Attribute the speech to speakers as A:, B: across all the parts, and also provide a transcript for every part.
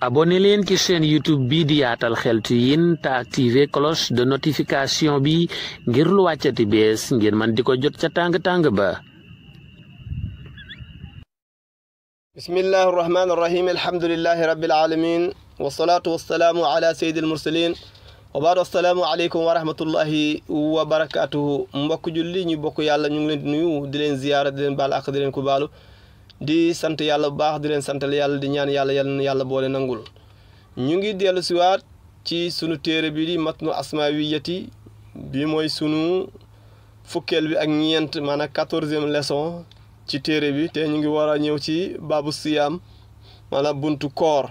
A: abonné leen ci chaîne youtube bi di yaatal xeltu yin te activé cloche de notification bi ngir lu wàccati bees ngir man di ko jot ca tàng-tàng ba bismillahi arrahmani arrahim alhamdulilahi rabbil alamin wasalaatu wasalaamu ala sayyidil wa baadu assalaamu wa rahmatullahi wa julli ñu bokk yàlla ñu ngi leen di nuyu di leen ziyaara di leen baal ak di leen ku baalu di sant yàlla bu baax di leen santal yàlla di ñaan yàlla yal na yàlla boole nangul ñu ngi dellu si siwaat ci sunu téere bi di matnu asmaawiyati bi mooy sunu fukkeel bi ak ñeent maanaam quatorzième leson ci téere bi te ñu ngi war a ñëw ci baabu siyaam maanaam buntu koor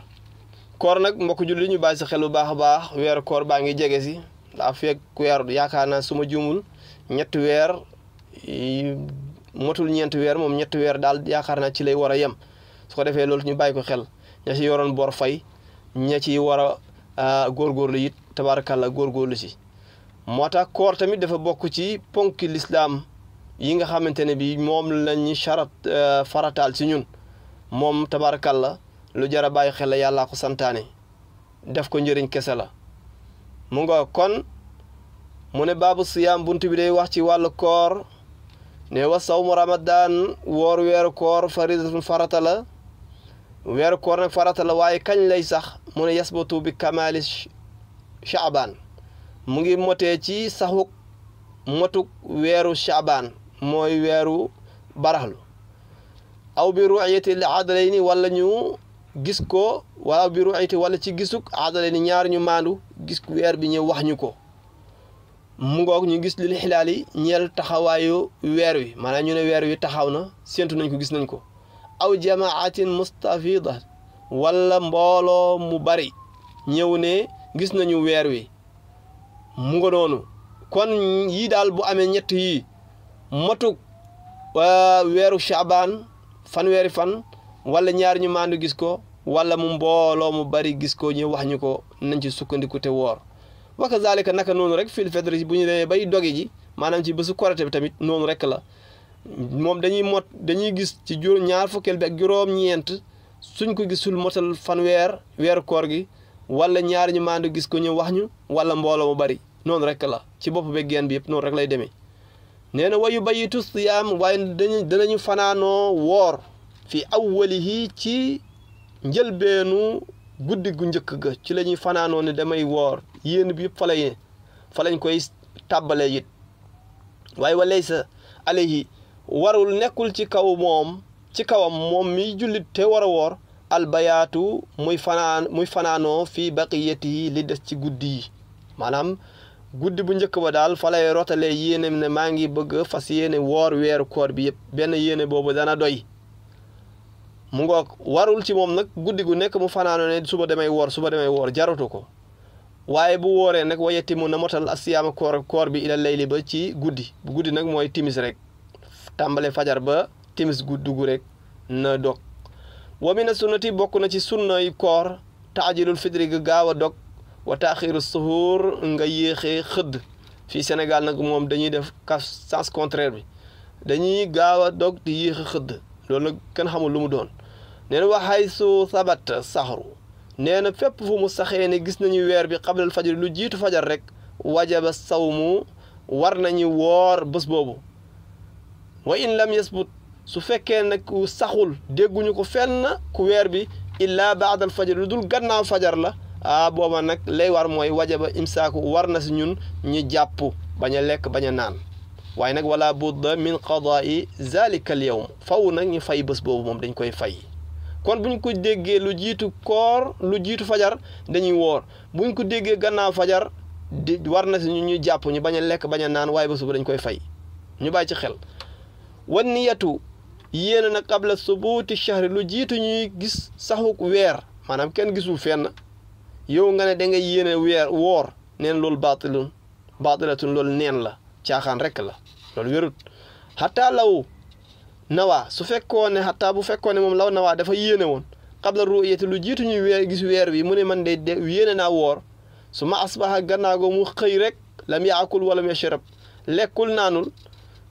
A: koor nag mbokk julli ñu bàyyi sa xel bu baax a baax weeru koor baa ngi jege si daa fekk weer yaakaar naa su ma juumul ñetti weer motul ñeenti weer moom ñetti weer daal yaakaar naa ci lay war a yem su ko defee loolu ñu bàyyi ko xel ña ci yoroon bor fay ña ci war a góorgóorlu it tabaarakàlla góorgóorlu si moo tax koor tamit dafa bokk ci ponki lislaam yi nga xamante ne bi moom lañu charat e, farataal ci ñun moom tabaarakàlla lu jar a bàyyi xel la yàllaa ko santaane def ko njëriñ kese la mu nga kon mu ne baabu siyaam bunt bi day wax ci wàllu koor ne wa sawmu ramadan woor weeru koor faridatun farata la weeru farata la waaye kañ lay sax mu ne yasbatu bi kamaali chaabaan mu ngi motee ci saxuk motuk weeru chaabaan mooy weeru baraxlu aw bi ruuyati li aadalay ni ñu gis ko wala aw bi ruuyati wala ci gisuk aadalay ñaar ñu maandu gis weer bi ñëw wax ñu ko mungook ngoog ñu gis lil xilaal ñeel taxawaayu weer wi maanaam ñu ne weer wi taxaw na séntu nañ ko gis nañ ko aw jamaatin mustafida wala mbooloo mu bari ñëw ne gis nañu weer wi mu nga kon yii daal bu amee ñetti yii matuk weeru caabaan fanweeri fan wala ñaar ñu maandu gis ko wala mu mbooloo mu bari gis ko ñu wax ñu ko nañ ci sukkandiku te woor wa kazalika naka noonu rek fil fitri bu ñu demee bay doge ji maanaam ci bésu korite bi tamit noonu rek la moom dañuy mot dañuy gis ci juróom ñaar fukkeel bi ak juróom-ñeent suñ ko gisul motal fanweer weeru koor gi wala ñaar ñu maandu gis ko ñëw wax ñu wala mbooloo mu bari noonu rek la ci bopp be geen bi yëpp noonu rek lay demee nee na wayu bayitu siyaam waaye dañu danañu fanaanoo woor fi yi ci njëlbeenu guddi gu njëkk ga ci lañuy fanaanoo ne damay woor yéen bi yëpp fa la fa lañ koy tàbbale it waaye walaysa alayhi warul nekkul ci kaw moom ci kawam moom miy jullit te war a woor albayaatu muy fanaan muy fanaanoo fii baqiyatihi li des ci guddi yi maanaam guddi bu njëkk ba daal fa lay rotalee yéene ne maa ngi bëgg fas yéene woor weeru koor bi yëpp benn yéene boobu dana doy mu ngoog warul ci moom nag guddi gu nekk mu fanaanoo ne suba demay woor suba demay woor jaratu ko waaye bu wooree nag wa yetti mu na motal asiyaama koor koor bi ila layli ba ci guddi bu guddi nag mooy timis rek tàmbale fajar ba timis gu rek na dog wa mina sunnati bokk na ci sunnay koor taajilul fitri ga gaaw a dog wa taaxiru suhuur nga yéexee xëdd fii Sénégal nag moom dañuy def cas sens contraire bi dañuy gaaw a dog di yéex a xëdd loolu nag kenn xamul lu mu doon nee na waxaay su sabat saxru nee na fépp fu mu saxee ne gis nañuy weer bi xablal fajar lu jiitu fajar rek wajaba mu war nañu woor bés boobu wa in lam yasbut su fekkee nag saxul dégguñu ko fenn ku weer bi illaa baadal fajar lu dul gannaaw fajar la ah booba nag lay war mooy wajaba imsaaku war na si ñun ñu jàpp bañ lekk bañ a naan waaye nag wala budda min qadaai zalika al yawm faw nag ñu fay bés boobu moom dañ koy fay kon buñ ko déggee lu jiitu koor lu jiitu fajar dañuy woor buñ ko déggee gannaaw fajar di war na si ñu ñu jàpp ñu bañ a lekk bañ a naan waaye bés bu dañ koy fay ñu bàyyi ci xel wan niyatu yéen nag qabla subuuti shahri lu jiitu ñuy gis saxuk weer maanaam kenn gisu fenn yow nga ne da nga yéene weer woor neen loolu baatilun baatilatun loolu neen la caaxaan rek la loolu wérut xataa law nawaa su fekkoo ne xataa bu fekkoo ne moom law nawaa dafa yéene woon qabla ru'yati lu jiitu ñuy gis weer wi mu ne man de yéene naa woor su ma asbaxa gannaagoo mu xëy rek lam yaakul wala mu yashrab lekkul naanul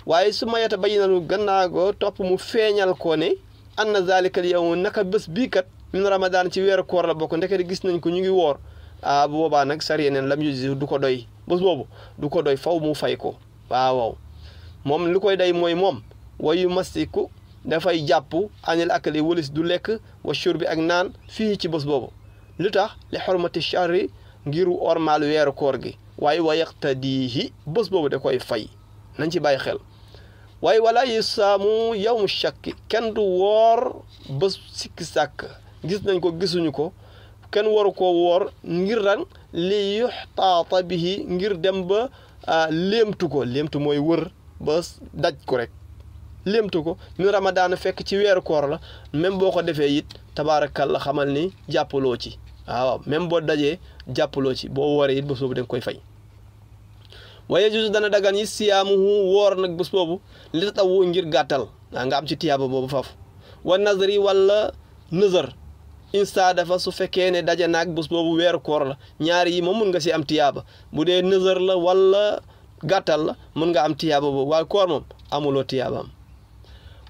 A: waaye su ma yeta bayi nanu gannaagoo topp mu feeñal ko ne anna zalika al yawm naka bés bii kat min ramadan ci weeru koor la bokk ndekete gis nañ ko ñu ngi woor a ah, bu boobaa nag sari yeneen lam yu du ko doy bés du ko doy faw mu fay waawaw moom lu koy day mooy moom wayu mastiku dafay jàpp anil akali walis du lekk wa shur bi ak naan fii ci bos boobu lu tax li xormati shari ngir ormaal weeru koor gi waaye wa yaqtadihi bés boobu da koy fay nañ ci bàyyi xel waaye wala yi saamu yawmu shakki kenn du woor bés sikki sàkk gis nañ ko gisuñu ko kenn waru ko woor ngir ran li yuxtaata bihi ngir dem ba Euh, léemtu ko léemtu mooy wër ba daj ko rek léemtu ko ñu ramadaan fekk ci weeru koor la même boo ko defee it la xamal ni jàppaloo ci waaw même boo dajee jàppaloo ci boo wooree it bés boobu da koy fay waaye jusu dana dagan yi siyaamuhu woor nag bés boobu li tax ngir gàttal nga am ci tiyaaba boobu faf wa nazari walla nëzër istaadafa su fekkee ne daje naag bés boobu weeru koor la ñaar yi moom mën nga si am tiyaaba bu dee nësër la wala gàttal la mën nga am tiyaaba boobu waaye koor moom amuloo tiyaabaam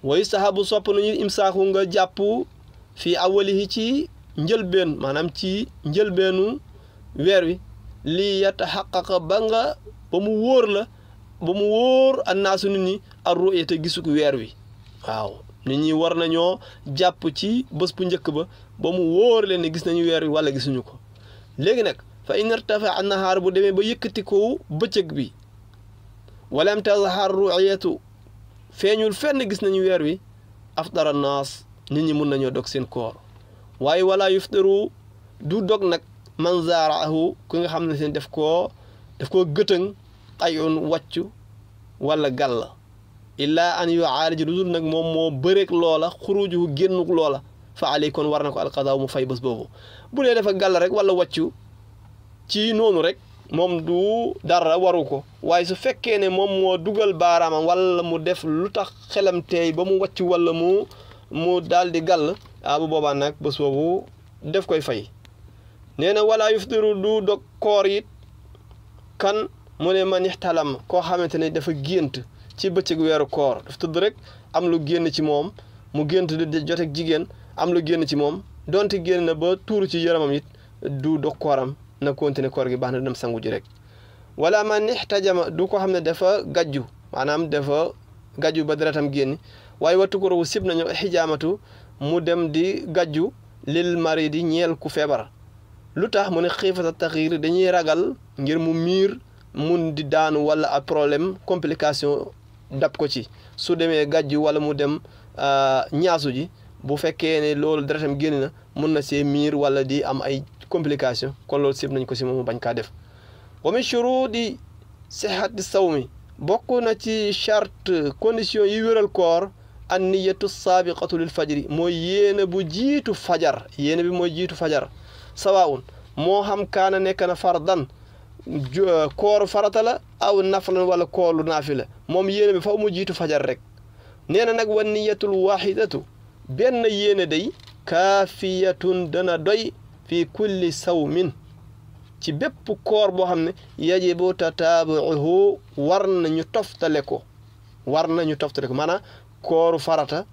A: wa yustahabu sopp nañu imsaaku nga jàpp fii awalihi ci njëlbeen maanaam ci njëlbeenu weer wi lii yataxaqaqa ba nga ba mu wóor la ba mu wóor annaasu nit ñi ar ru'yata gisuk weer wi waaw nit ñi war nañoo jàpp ci bés bu njëkk ba ba mu wóor leen ni gis nañu weer wi wala gisuñu ko léegi nag fa in irtafa nahaar bu demee ba yëkkatikoo bëccëg bi walam tazhar ru'yatu feeñul fenn gis nañu weer wi aftara naas nit ñi mun nañoo dog seen koor waaye wala yuftaru du dog nag man zaaraahu ku nga xam ne seen def koo daf koo gëtëng ayoon wàcc wala gàll illaa an yuaarij lu dul nag moom moo bëreeg loola xurujuhu génnuk loola fa aley kon war na ko alqada mu fay bés boobu bu dee dafa gàll rek wala wàccu ci noonu rek moom du dara waru ko waaye su fekkee ne moom moo dugal baaraamam wala mu def lu tax xelam teey ba mu wàcc walla mu mu daal di gàll ah bu boobaa nag bés boobu def koy fay nee na wala yuftiru du dog koor it kan mu ne man ixtalam koo xamante ne dafa gént ci bëccëg weeru koor daf tëdd rek am lu génn ci moom mu gént di jot ak jigéen am lu génn ci moom donte génn na ba tuuru ci yaramam it du dog kooram na continuer koor gi baax na dem sangu ji rek wala man tajama du ko xam ne dafa gàjju maanaam dafa gàjju ba deretam génn waaye wattu ko sib nañu xijaamatu mu dem di gàjju lil mari di ñeel ku feebar lu tax mu ne xiifata taxiir dañuy ragal ngir mu miir mun di daanu wala ab problème complication dab ko ci su demee gàjju wala mu dem euh, ñaasu ji bu fekkee ne loolu deretam génn na mun na see miir wala di am ay complication kon loolu sib nañ ko si moom bañ kaa def wa min shuruudi sihhati sawmi bokk na ci charte condition yi wéral koor an niyatu saabiqatu lil fajri mooy yéene bu jiitu fajar yéene bi mooy jiitu fajar sawaun moo xam kaana nekk na fardan koor faratala la aw nafalan wala koorlu naafi la moom yéene bi faw mu jiitu fajar rek nee na nag wa niyatul wahidatu benn yéene day kaafiyatun dana doy fi kulli min ci bépp koor boo xam ne yajibu tataabuhu war nañu toftale ko war nañu toftale ko mana kooru farata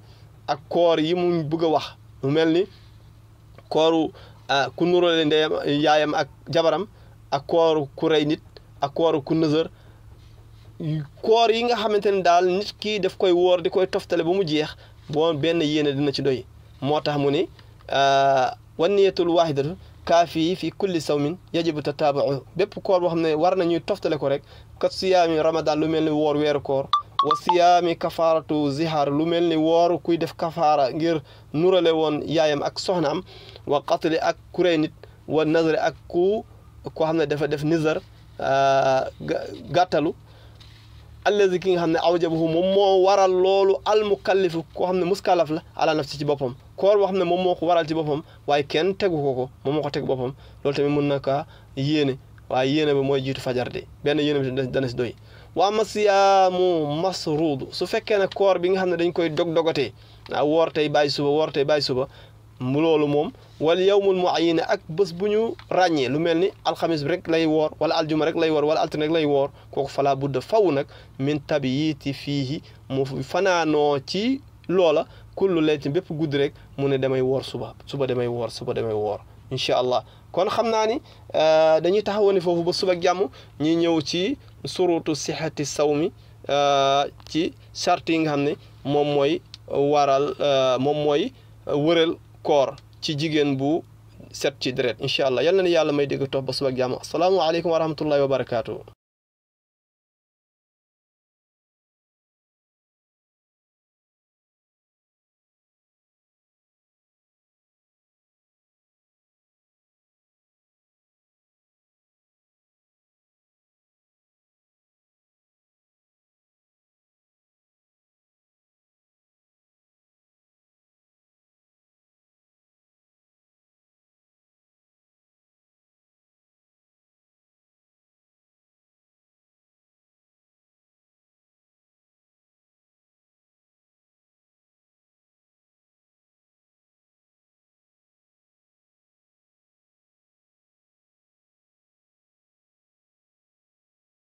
A: ak koor yi mu bëgg a wax mu mel ni kooru ku nuróole ndeyam yaayam ak jabaram ak kooru ku rey nit ak kooru ku nësër koor yi nga xamante ne daal nit kii daf koy woor di koy toftale ba mu jeex boo benn yéene dina ci doy moo tax mu ne ah, wan niyatul waahidatu kaafi fi kulli sawmin yajibu tataabu bépp koor boo xam ne war nañuy toftale ko rek kat siyaami ramadan lu mel ni woor weeru koor wa siyaami kafaaratu zihaar lu mel ni woor kuy def kafaara ngir nurale woon yaayam ak am wa qatli ak kuré nit wa nazare ak ku koo xam ne dafa def nizar ah, gàttalu allazi ki nga xam ne awjabahu moom moo waral loolu almukallifu koo xam ne muskalaf la ala nafsi ci boppam koor boo xam ne moo ko waral ci boppam waaye kenn tegu ko ko moom moo ko teg boppam loolu tamit mën na kaa yéene waaye yéene ba mooy jiitu fajar de benn yéene bi dana si doy waa masiyaamu masruudu su fekkee ne koor bi nga xam ne dañ koy dog dogatee woor tey bàyyi suba woor tey bàyyi suba mu loolu moom wal yawmul muayyin ak bés bu ñu ràññee lu mel ni alxamis bi rek lay woor wala aljuma rek lay woor wala altine rek lay woor kooku falaa budda faw nag min tabiiti fiihi mu fanaanoo ci loola kullu laytin bépp guddi rek mu ne damay woor suba suba damay woor suba damay woor incha allah kon xam naa ni euh, dañuy taxawoon foofu ba suba jàmm ñi ñëw ci surutu sixati sawmi euh, ci charte yi nga xam ne moom mooy waral euh, moom mooy wëral koor ci jigéen bu set ci deret incha allah yal na ni may dégg topp ba suba ak jàmm asalaamualeykum wa rahmatullahi wa barakaatu.